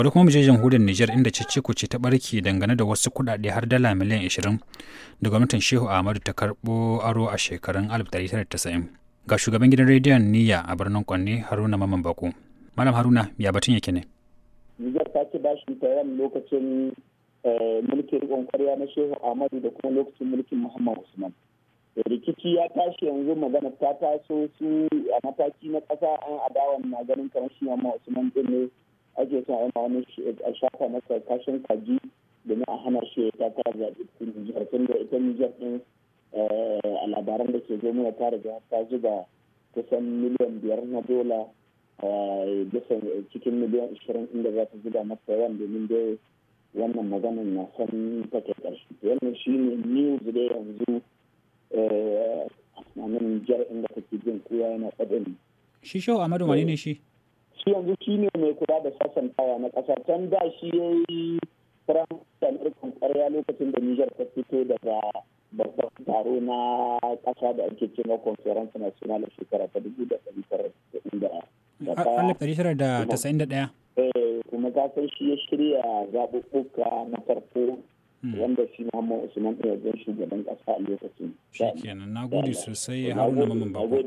bari kuma mu je jamhuriyar Nijar inda cece-kuce ta barke dangane da wasu kuɗaɗe har dala miliyan 20 da gwamnatin Shehu Ahmadu ta karbo aro a shekarun 1990. Ga shugaban gidan rediyon niya a birnin Kwanne Haruna Maman Bako. Malam Haruna ya batun yake ne? Nijar ta ce ci bashi yan lokacin eh, mulkin riƙon kwarya na Shehu Ahmadu da kuma lokacin mulkin Muhammad Usman. rikici ya tashi yanzu magana ta taso su a mataki na kasa an adawan na ganin kamar shi Muhammad Usman ɗin ne ake sa a yi wani a shafa masa kashin kaji domin a hana shi ya takara zaɓe cikin Nijar tun da ita Nijar ɗin eh, a labaran da ke zo mana ta riga ta zuba kusan miliyan biyar na dola eh, bisa cikin miliyan ashirin inda za ta zuba masa yawan domin dai wannan maganin na ta ke ƙarshe wannan shi ne news da yanzu eh, a nan Nijar inda ke jin kowa yana faɗin. Shi Shehu Amadu wani ne shi? shi yanzu shi ne mai kula da sassan taya na ƙasa can da shi ya yi irkan ƙarya lokacin da nijar ta fito daga babban taro na ƙasa da ake ce na conference national shekara ta dubu da ɗari tara da ɗaya. Eh, kuma ta san shi ya shirya zaɓuɓɓuka na farko hmm. wanda shi mu Usman ɗaya zan shugaban ƙasa a lokacin. Shi kenan, na gode sosai Haruna Mamman Bako.